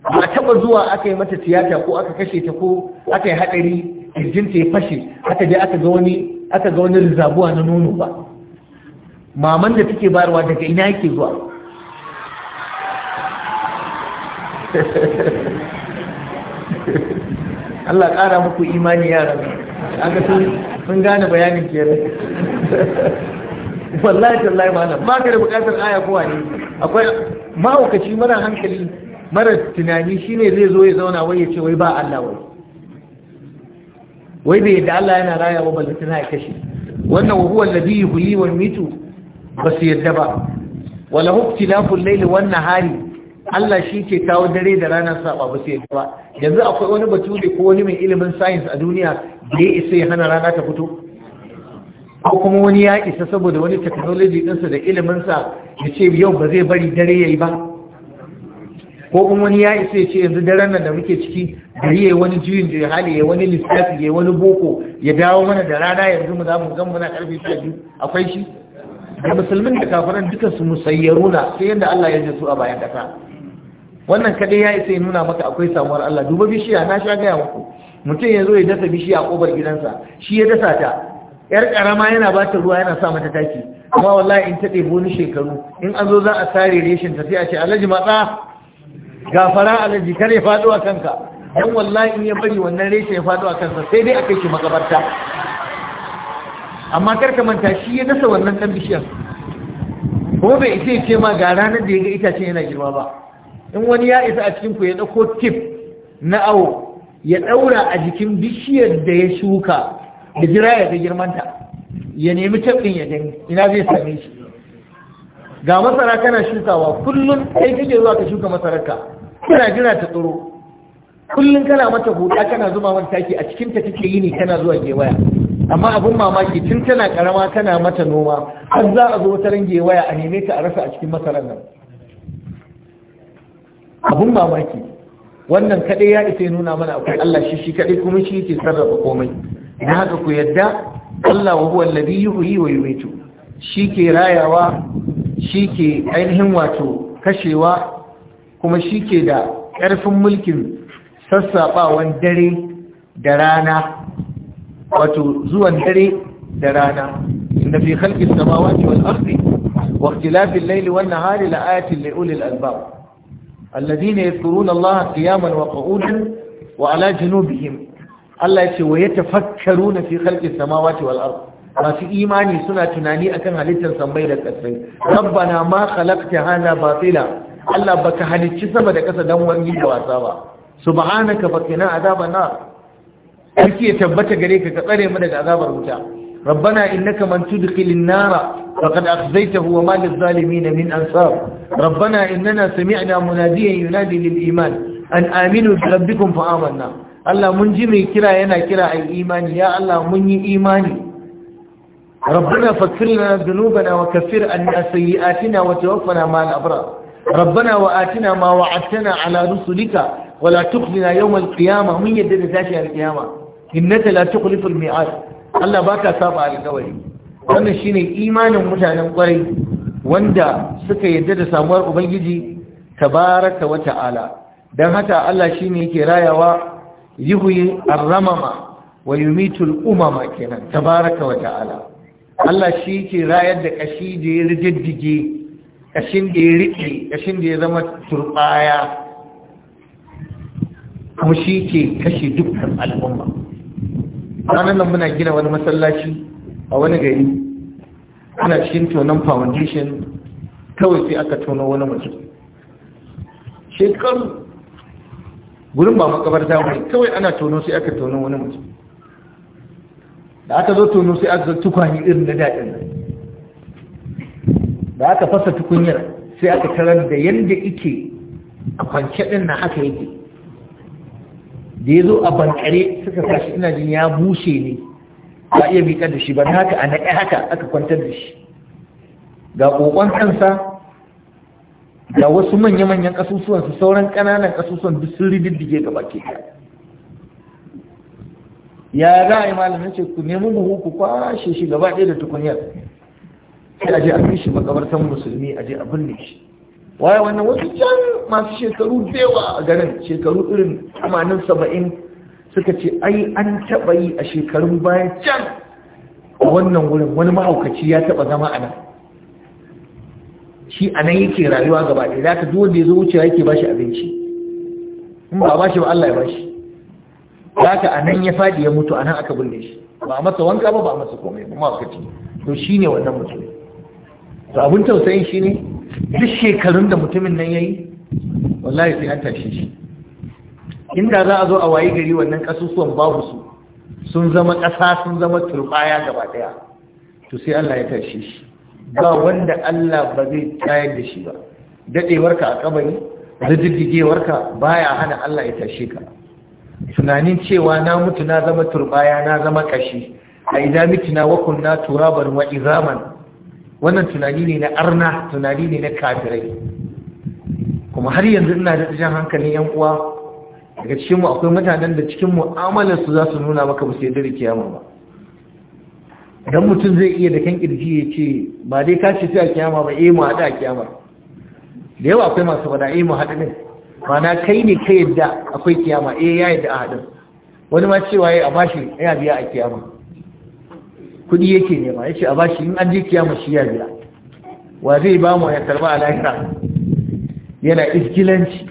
ba a taba zuwa aka yi mata tiyata ko aka kashe ta ko aka yi haɗari, kirjinta ya fashe aka je aka ga wani rizabuwa na nono ba maman da take bayarwa daga ina yake zuwa Allah ƙara muku imani yaran aka sun gane bayanin kenan wallahi tallahi malam ba ka da bukatar aya ko wani akwai mahaukaci mara hankali mara tunani shine zai zo ya zauna wai ya ce wai ba Allah wai wai bai yadda Allah yana raya wa balla tana ya kashe wannan wa huwa alladhi yuhyi wa yumitu su yadda ba wala huktilafu al-layli wan nahari Allah shi ke kawo dare da ranar saba ba su sai ba yanzu akwai wani bature ko wani mai ilimin science a duniya da ya isa ya hana rana ta fito ko kuma wani ya isa saboda wani technology ɗinsa da iliminsa ya ce yau ba zai bari dare ya yi ba ko kuma wani ya isa ya ce yanzu daren nan da muke ciki gari ya wani juyin da ya hali ya wani lissafi ya wani boko ya dawo mana da rana yanzu mu za mu gan muna karfe ta biyu akwai shi da musulmin da kafiran duka su musayyaruna sai yadda Allah ya su a bayan kasa wannan kadai ya isa ya nuna maka akwai samuwar Allah duba bishiya na sha gaya muku mutum ya zo ya dasa bishiya a ƙofar gidansa shi ya dasa ta yar karama yana ba ta ruwa yana sa mata taki amma wallahi in ta ɗebo ni shekaru in an zo za a sare reshin ta sai a ce alhaji matsa gafara alhaji kare faɗo a kanka dan wallahi in ya bari wannan reshin ya faɗo a kansa sai dai a kai shi makabarta amma kar ka manta shi ya dasa wannan ɗan bishiyar ko bai ita ya ce ma ga ranar da ya ga itacen yana girma ba in wani ya isa a cikin ku ya ɗauko tip na awo ya ɗaura a jikin bishiyar da ya shuka da jira ya ga girmanta ya nemi tabin ya gani ina zai same shi ga masara kana shukawa kullum kai kake zuwa ka shuka masararka kana jira ta tsoro kullum kana mata huda kana zuma mata taki a cikin ta kake yi ne kana zuwa gewaya amma abun mamaki tun tana karama kana mata noma har za a zo wata range waya, a neme ta a rasa a cikin masarar nan abun mamaki wannan kadai ya isa nuna mana akwai Allah shi shi kadai kuma shi ke sarrafa komai na haka ku yadda Allah wa huwa alladhi yuhyi wa yumiitu ke rayawa ke ainihin wato kashewa kuma shike da ƙarfin mulkin sassaɓawan dare da rana wato zuwan dare da rana inda fi khalqis samawati wal ardi wa ikhtilafil layli wan nahari la ayatin li ulil albab alladhina yadhkuruna Allah qiyaman wa qu'udan wa ala junubihim Allah ya ce wa yatafakkaruna fi khalqis samawati wal ard masu imani suna tunani akan halittar sammai da ƙasai rabbana ma khalaqta hadha batila Allah baka halicci sama da ƙasa dan wani da wasa ba subhanaka faqina azaban nar sarki tabbata gare ka ka tsare mu daga azabar wuta rabbana innaka man tudkhilin nara faqad akhzaytahu wa ma lil zalimin min ansar rabbana innana sami'na munadiyan yunadi lil iman an aminu bi rabbikum fa amanna Allah mun ji mai kira yana kira a imani ya Allah mun yi imani ربنا فاغفر لنا ذنوبنا وكفر عنا سيئاتنا وتوفنا مع الأبرار ربنا وآتنا ما وعدتنا على رسلك ولا تخزنا يوم القيامة من يدد ذاتي القيامة إنك لا تخلف الميعاد الله باكا سابع القولي wannan shine imanin mutanen kwarai wanda suka yarda da samuwar ubangiji tabaraka wa ta'ala dan haka Allah shine yake rayawa yuhyi ar-ramama wa yumitul umama kenan tabaraka wa ta'ala Allah shi ke rayar da kashi da ya riddige kashin da ya riƙe kashin da ya zama turbaya kuma shi ke kashe dukkan al'umma ranar nan muna gina wani masallaci a wani gari ana cikin tonon foundation kawai sai aka tono wani mutum shekaru gurin ba makabarta wani kawai ana tono sai aka tono wani mutum da aka zo tono sai aka zo irin na daɗin da aka fasa tukunyar sai aka tarar da yadda ike a kwance ɗin na haka yake da ya zo a bankare suka sashi ina jin ya bushe ne ba iya miƙar da shi ba haka a na'i haka aka kwantar da shi ga ƙoƙon kansa da wasu manya-manyan ƙasusuwan su sauran ƙananan ƙasusuwan duk sun ga gaba ke ya za a yi malamin ce ku nemi buhu ku kwashe shi gaba ɗaya da tukunyar sai a je a kai shi makabartan musulmi a je a binne shi waye wannan wasu can masu shekaru da yawa a garin shekaru irin tamanin saba'in suka ce ai an taɓa yi a shekarun bayan can a wannan wurin wani mahaukaci ya taɓa zama a nan shi a nan yake rayuwa gaba ɗaya za ka duk wanda ya zo wucewa yake ba shi abinci in ba ba shi ba Allah ya ba shi za ka a nan ya faɗi ya mutu a nan aka bulle shi ba a masa wanka ba ba a masa komai ba mawakaci to shi ne wannan mutum to abin tausayin shi ne duk shekarun da mutumin nan ya yi wallahi sai an tashi shi inda za a zo a wayi gari wannan ƙasusuwan babu su sun zama ƙasa sun zama turɓaya gaba ɗaya to sai Allah ya tashi shi ba wanda Allah ba zai tsayar da shi ba dadewarka a kabari rididdigewarka baya hana Allah ya tashe ka tunanin cewa na mutu na zama turbaya na zama kashi a idan mitna wa tura turaban wa izaman wannan tunani ne na arna tunani ne na kafirai kuma har yanzu ina da jan hankalin yan uwa daga cikin mu akwai mutanen da cikin mu'amalar su za su nuna maka ba su yarda kiyama ba dan mutum zai iya da kan kirji ya ce ba dai ka ce a kiyama ba eh mu haɗa a kiyama da yawa akwai masu faɗa eh mu haɗa ba na kai ne ka yadda akwai kiyama eh ya yadda a haɗin wani ma cewa ya bashi ya biya a kiyama kuɗi yake nema ya ce a bashi in an je kiyama shi ya biya wa zai ba mu ya karba a lahira yana iskilanci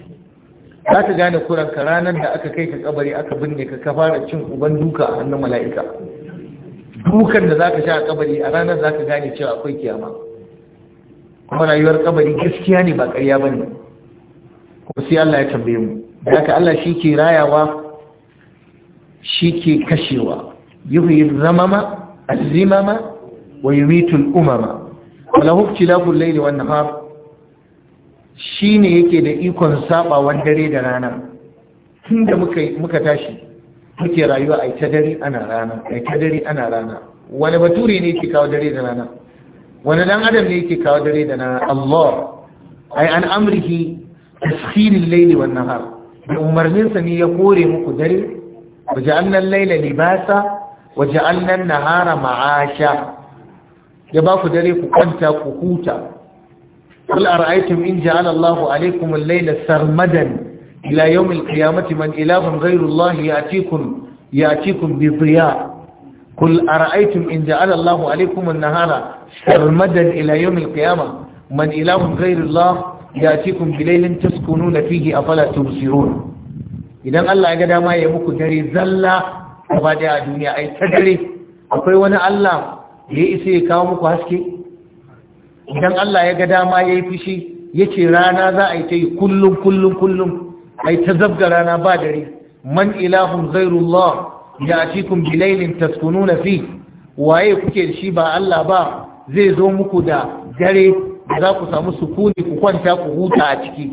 za ka gane kuranka ranar da aka kai ka kabari aka binne ka ka fara cin uban duka a hannun mala'ika dukan da za ka sha a kabari a ranar za ka gane cewa akwai kiyama kuma rayuwar kabari gaskiya ne ba ƙarya bane kuma sai Allah ya tambaye mu haka Allah shi ke rayawa shi ke kashewa yuhyi zamama azimama wa yi mitul umama walahu laili wannan har Shi ne yake da ikon wani dare da rana Tun da muka tashi muke rayuwa a ta dare ana rana a ta dare ana rana wani bature ne yake kawo dare da rana wani dan adam ne yake kawo dare da rana Allah ai an amrihi taskhiril layli wan nahar da umarninsa ne ya kore muku dare waja'alna al-layla libasa waja'alna an-nahara ma'asha ya ba ku dare ku kwanta ku huta qul ara'aytum in ja'ala Allahu alaykum al-layla sarmadan ila yawmil qiyamati man ilahun ghayru Allah ya'tikum ya'tikum bi dhiya قل أرأيتم إن جعل الله عليكم النهار سرمدا إلى يوم القيامة من إله غير الله يأتيكم بليل تسكنون فيه أفلا تبصرون idan Allah ya ga dama ya muku dare zalla gaba da duniya ai ta dare akwai wani Allah ya isa ya kawo muku haske idan Allah ya ga dama ya yi fushi ya ce rana za a yi ta yi kullum kullum kullum ai ta zabga rana ba dare man ilahun zairullah ya kun bilailin na fi waye kuke shi ba Allah ba zai zo muku da dare da za ku samu sukuni ku kwanta ku huta a ciki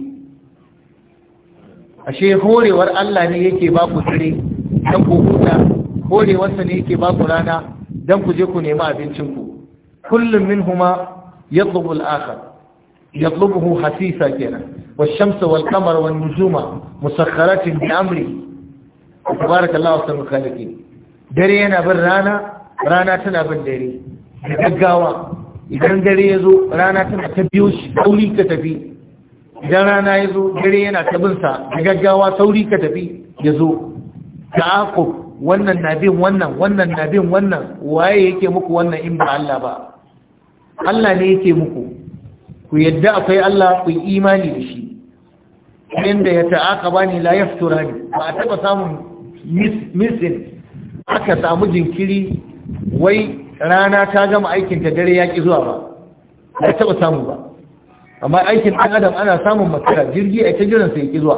ashe horewar Allah ne yake ba ku dare don ku huta horewarsa ne yake ba ku rana don ku je ku nemi abincin ku? kullum min huma yadda al-akhar يطلبه حثيثا كنا والشمس والقمر والنجوم مسخرات بأمري تبارك الله وسلم الخالقين dare yana bin rana rana tana bin dare da gaggawa idan dare ya zo rana tana ta biyo shi sauri ka tafi idan rana ya zo dare yana ta bin sa da sauri ka tafi ya zo ta'aqub wannan na bin wannan wannan na bin wannan waye yake muku wannan in ba Allah ba Allah ne yake muku ku yadda akwai Allah ku yi imani da shi inda ya ta'aka bani la yaftura ni ba a taɓa samun misin aka samu jinkiri wai rana ta gama aikin ta dare ƙi zuwa ba ba taɓa samu ba amma aikin ɗan adam ana samun matsala, jirgi a ta jiran sai ki zuwa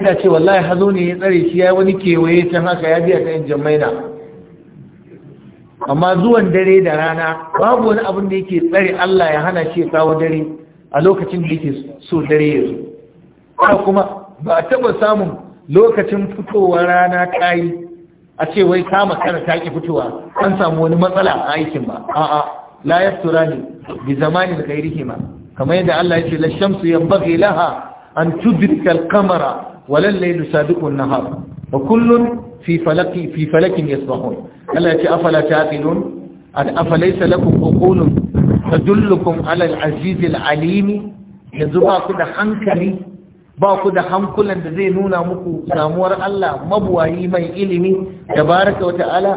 ina ce wallahi hazo ne ya tsare shi ya wani kewaye can haka ya biya ta yan jamaina amma zuwan dare da rana babu wani abin da yake tsare Allah ya hana shi kawo dare a lokacin da yake so dare ya zo ba kuma ba a taba samun lokacin fitowa rana ta yi, a ce wai kama kara ta ki fitowa an samu wani matsala a aikin ba a'a la ni bi zamanin da kai ma kamar yadda Allah ya ce la shamsu yanbaghi laha an tudrika al-qamara wa lal laylu sadiqu nahar wa kullun fi falaki fi falakin yasbahun Allah ya ce afala taqilun an afalaysa lakum uqulun tadullukum ala al-aziz al-alim yanzu ba ku da hankali ba ku da hankulan da zai nuna muku samuwar Allah mabuwayi mai ilimi tabaraka wa ta'ala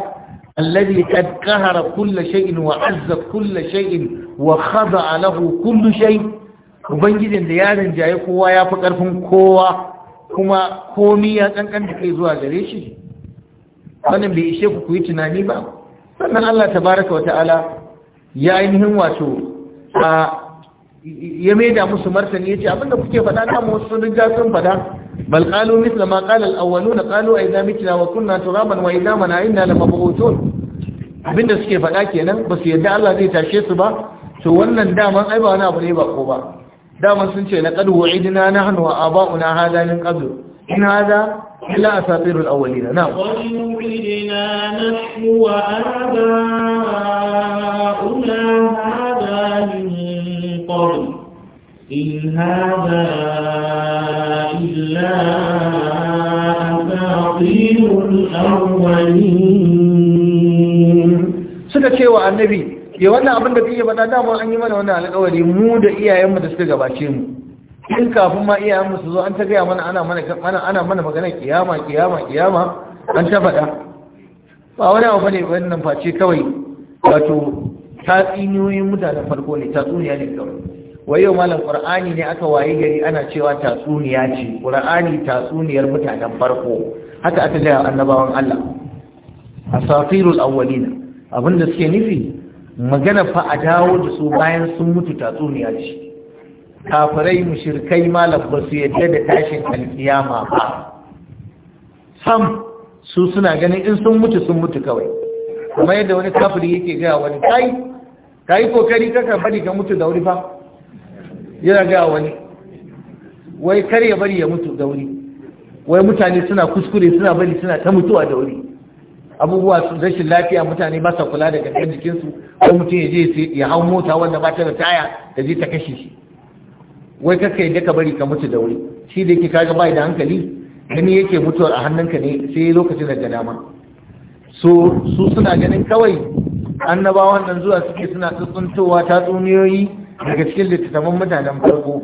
alladhi qad qahara kull shay'in wa azza kull shay'in wa khada'a lahu kull shay ubangijin da ya rinjaye kowa ya fi karfin kowa kuma komi ya kankan kai zuwa gare shi wannan bai ishe ku yi tunani ba sannan Allah tabaraka wa ta'ala ya ainihin wato a ya maida musu martani ya ce abinda kuke faɗa da mu wasu riga sun faɗa bal qalu mithla ma qala al-awwaluna qalu idza mitna wa kunna turaban wa idza mana inna lamabghutun abinda suke faɗa kenan basu su yadda Allah zai tashe su ba to wannan daman ai ba wani abu ne ba ko ba دام سنتي لقد وعدنا نحن وآباؤنا هذا من قبل إن هذا إلا أساطير الأولين نعم وعدنا نحن وآباؤنا هذا من قبل إن هذا إلا أساطير الأولين سنتي وعن نبيه ke wannan abin da kake faɗa dama an yi mana wannan alƙawari mu da iyayenmu da suka gabace mu in kafin ma iyayenmu su zo an ta gaya mana ana mana ana mana magana kiyama kiyama kiyama an ta faɗa ba wani abu ne wannan face kawai wato tatsuniyoyin mutane farko ne tsuniya ne kawai wai yau malam qur'ani ne aka waye gari ana cewa tatsuniya ce qur'ani tatsuniyar mutanen farko haka aka gaya annabawan Allah asafirul awwalina abinda suke nufi magana fa a dawo da su bayan sun mutu tatsuniya ce kafirai mushirkai malam ba su yadda da tashin alkiyama ba sam su suna ganin in sun mutu sun mutu kawai kuma yadda wani kafiri yake gaya wani kai ka yi kokari ka bari ka mutu da wuri fa yana gaya wani wai kar ya bari ya mutu da wuri wai mutane suna kuskure suna bari suna ta mutuwa da wuri abubuwa rashin lafiya mutane ba sa kula da gangan jikinsu ko mutum ya je ya hau mota wanda ba ta da taya da je ta kashe shi wai kaka yadda ka bari ka mutu da wuri shi da yake kaga bai da hankali gani yake mutuwar a hannunka ne sai lokacin da dama so su suna ganin kawai annabawan nan zuwa suke suna tsuntsuntowa ta tsuniyoyi daga cikin littattafan mutanen farko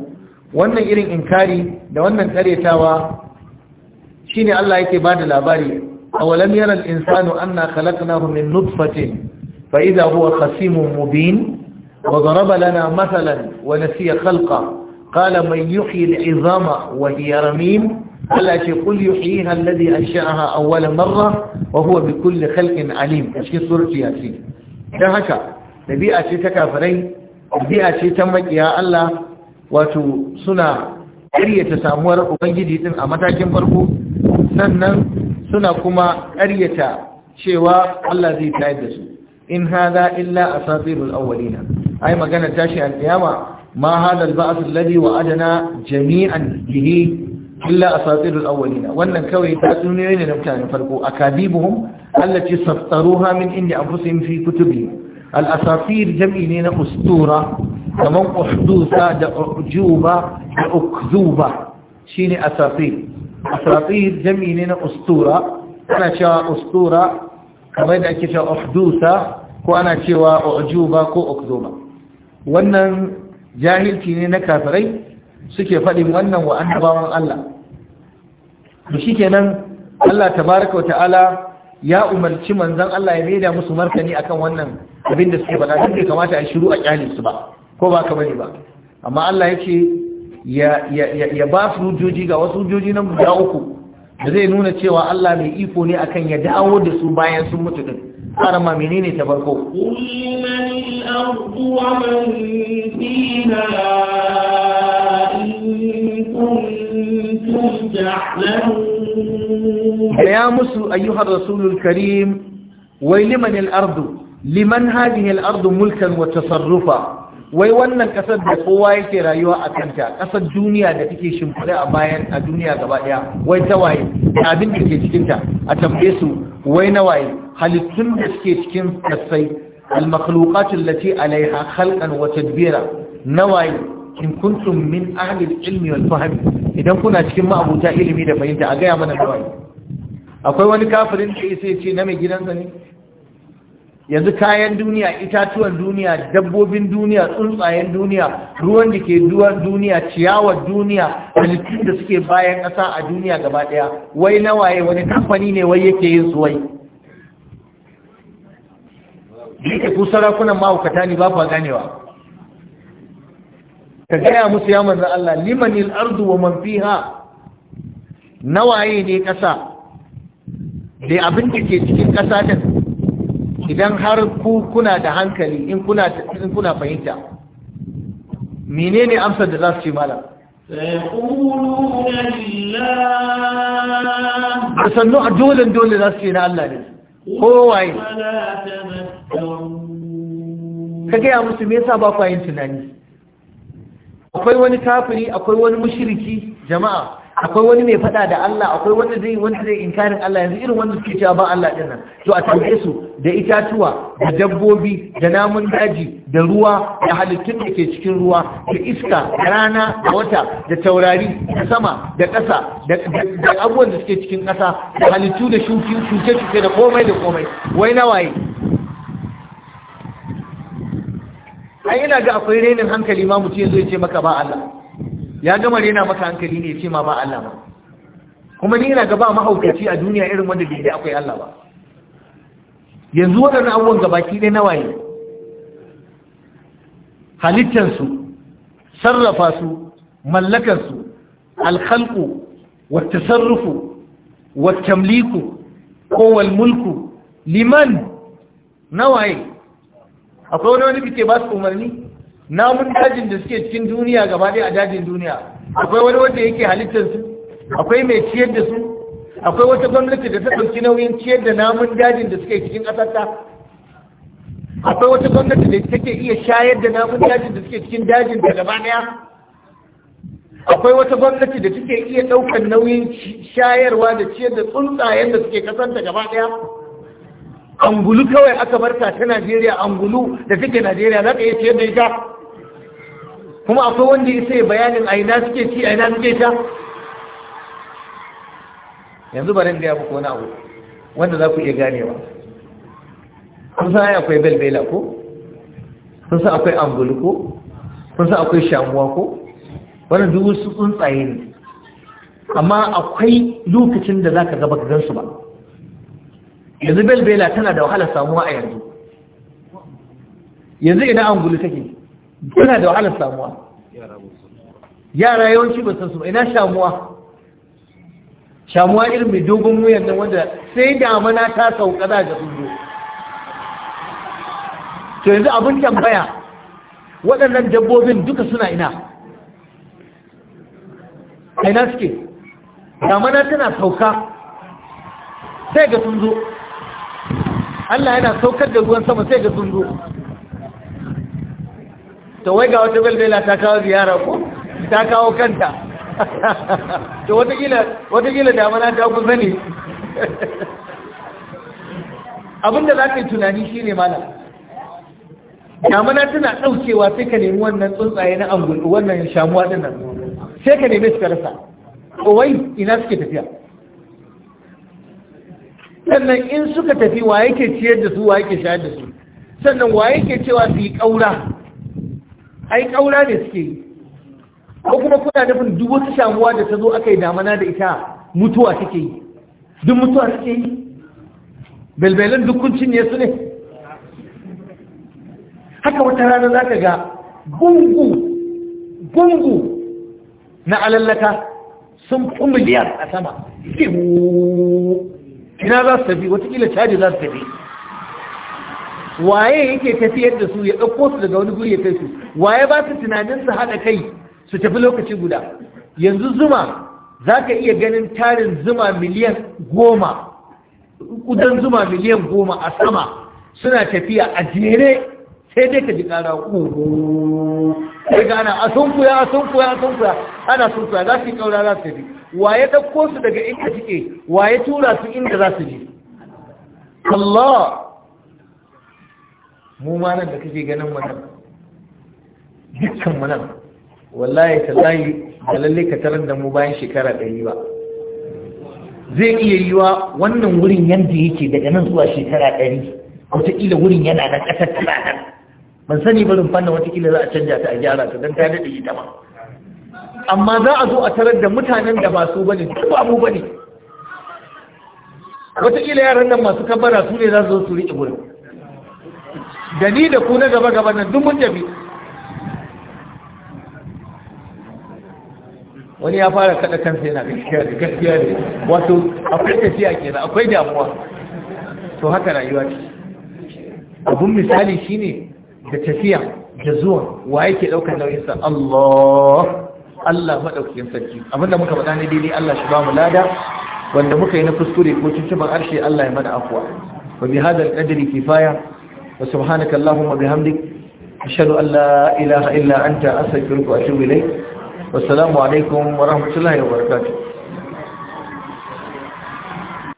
wannan irin inkari da wannan karyatawa shine Allah yake bada labari أولم يرى الإنسان أنا خلقناه من نطفة فإذا هو خصيم مبين وضرب لنا مثلا ونسي خلقه قال من يحيي العظام وهي رميم التي قل يحييها الذي أنشأها أول مرة وهو بكل خلق عليم في سورة ياسين ده هكا نبيئة تكافرين نبيئة تمك يا الله وتو سنة ƙaryata samuwar ubangiji din a matakin farko sannan suna kuma ƙaryata cewa Allah zai tayar da su in hada illa asatirul awalina ai magana tashi a kiyama ma hada al-ba'th alladhi jami'an bihi illa asatirul awwalina wannan kawai tatsuniyoyi ne na mutanen farko akadibuhum allati saftaruha min indi anfusihim fi kutubi al-asatir jam'i ne na ustura kaman uhdusa da ujuba da ukzuba shine asatir asatir jami ne na ustura ana cewa ustura kamar da ake cewa ofdusa ko ana cewa ujuba ko okzoma wannan jahilci ne na kafirai suke faɗin wannan wa annabawan Allah shi kenan Allah tabaraka wa ta'ala ya umarci manzon Allah ya maida musu martani akan wannan abin da suke faɗa duk kamata a shiru a kyalin su ba ko ba ka bane ba amma Allah yake ya ba su hujjoji ga wasu hujjoji nan guda uku da zai nuna cewa Allah mai iko ne akan ya dawo da su bayan sun mutu din fara ma menene ta farko يا مسو أيها الرسول الكريم ولمن الأرض لمن هذه الأرض ملكا وتصرفا wai wannan kasar da kowa yake rayuwa a kanta kasar duniya da take shimfiɗa a bayan a duniya gaba ɗaya wai ta waye abin da ke cikinta a tambaye su wai na waye halittun da suke cikin sassai, al-makhluqat allati alaiha khalqan wa tadbira na waye in kuntum min ahli al-ilmi wal fahm idan kuna cikin ma'abuta ilimi da fahimta a gaya mana na waye akwai wani kafirin da yace ce na mai gidansa ne yanzu kayan duniya itatuwan duniya dabbobin duniya tsuntsayen duniya ruwan da ke duwar duniya ciyawar duniya halittun da suke bayan ƙasa a duniya gaba ɗaya wai nawaye wani kamfani ne wai yake yin su wai ku sarakunan mahaukata ne ba fa ganewa ka gaya musu ya manzan Allah limanil ardu wa man fiha nawaye ne ƙasa da abin da ke cikin ƙasa idan har ku kuna da hankali in kuna in kuna fahimta menene amsar da za su ce malam sannu a dole dole za su ce na Allah ne kowaye ka gaya musu me yasa ba ku yin tunani akwai wani kafiri akwai wani mushriki jama'a akwai wani mai fada da Allah akwai wanda zai wanda zai inkarin Allah yanzu irin wanda suke cewa ba Allah din to a tambaye su da itatuwa da dabbobi da namun daji da ruwa da halittun da ke cikin ruwa da iska da rana da wata da taurari da sama da ƙasa da abubuwan da suke cikin ƙasa da halittu da shuki shuke shuke da komai da komai wai nawaye ai ina ga akwai rainin hankali ma mutum zai ce maka ba Allah ya gama rena maka hankali ne ce ma ba Allah ba kuma ni ina gaba mahaukaci a duniya irin wanda bai da akwai Allah ba yanzu wadannan abubuwan gabaki na nawa ne su sarrafa su mallakansu alkhalku tamliku ko wal mulku, liman waye? akwai wani wani ke ba su umarni namun dajin da suke cikin duniya gaba ɗaya a dajin duniya akwai wani wanda yake halittar su akwai mai ciyar da su akwai wata gwamnati da ta ɗauki nauyin ciyar da namun dajin da suke cikin ƙasarta akwai wata gwamnati da take iya shayar da namun dajin da suke cikin dajin da gaba ɗaya akwai wata gwamnati da take iya ɗaukar nauyin shayarwa da ciyar da tsuntsayen da suke ƙasarta gaba ɗaya angulu kawai aka barta ta najeriya angulu da take najeriya za ka iya ciyar da ita kuma akwai wanda ya sai bayanin aina suke ci aina suke sha yanzu barin gaya muku wani abu wanda za ku iya ganewa kun san akwai belbela ko kun san akwai angulu ko kun san akwai shamuwa ko wani dubu su tsuntsaye ne amma akwai lokacin da za ka gaba ka gansu ba yanzu belbela tana da wahala samuwa a yanzu yanzu idan angulu take yana da wahalar samuwa yara yawanci ba su ina shamuwa shamuwa irin mai dogon wuyan nan wanda sai damana ta sauka za ga sun to yanzu abin tambaya waɗannan dabbobin duka suna ina ina suke damana tana sauka sai ga sun Allah yana saukar da ruwan sama sai ga sun to wai ga wata belbela ta kawo ziyara ko ta kawo kanta to watakila damana ta ku sani. abinda za ka yi tunani shi ne malam damana tana ɗaukewa sai ka nemi wannan tsuntsaye na angulu wannan shamuwa din nan sai ka nemi suka rasa wai ina suke tafiya sannan in suka tafi wa yake ciyar da su wa yake shayar da su sannan wa yake cewa su yi ƙaura ai ƙaura ne suke yi ko kuma kuna nufin duk wata shamuwa da ta zo aka yi damana da ita mutuwa take yi duk mutuwa take yi belbelin duk kun cinye su ne haka wata rana za ka ga gungu gungu na alallaka sun fi miliyar a sama ina za su tafi watakila caji za su tafi waye yake tafiyar da su ya ɗauko su daga wani guri ya kai su waye ba su tunanin su haɗa kai su tafi lokaci guda yanzu zuma za ka iya ganin tarin zuma miliyan goma kudan zuma miliyan goma a sama suna tafiya a jere sai dai ka ji ƙara ƙuhu sai gana a sunkuya a sunkuya a sunkuya ana sunkuya za su yi ƙaura za su tafi waye ɗauko su daga inda suke waye tura su inda za su je Allah mu ma nan da kake ganin mu nan dukkan mu nan wallahi tallahi da lalle ka tarar da mu bayan shekara ɗari ba zai iya yiwa wannan wurin yanda yake daga nan zuwa shekara ɗari wataƙila wurin yana nan ƙasar tana nan ban sani barin fannin wataƙila za a canja ta a gyara ta don ta daɗe ita ma amma za a zo a tarar da mutanen da ba su ba ne duk abu ba ne wataƙila yaran nan masu kabara su ne za su zo su riƙe wurin da ni da ku na gaba gaba nan duk mun tafi wani ya fara kada kansa yana gaskiya ne wato akwai tafiya kenan akwai damuwa to haka rayuwa ce abun misali shine da tafiya da zuwa, wa yake daukar nauyinsa Allah Allah madaukakin sarki abinda muka faɗa ne daidai Allah shi ba mu lada wanda muka yi na kuskure ko cin arshe Allah ya mana afuwa wa bi hadal qadri kifaya وسبحانك اللهم بحمدك أشهد أن لا إله إلا أنت أستغفرك وأتوب إليك والسلام عليكم ورحمة الله وبركاته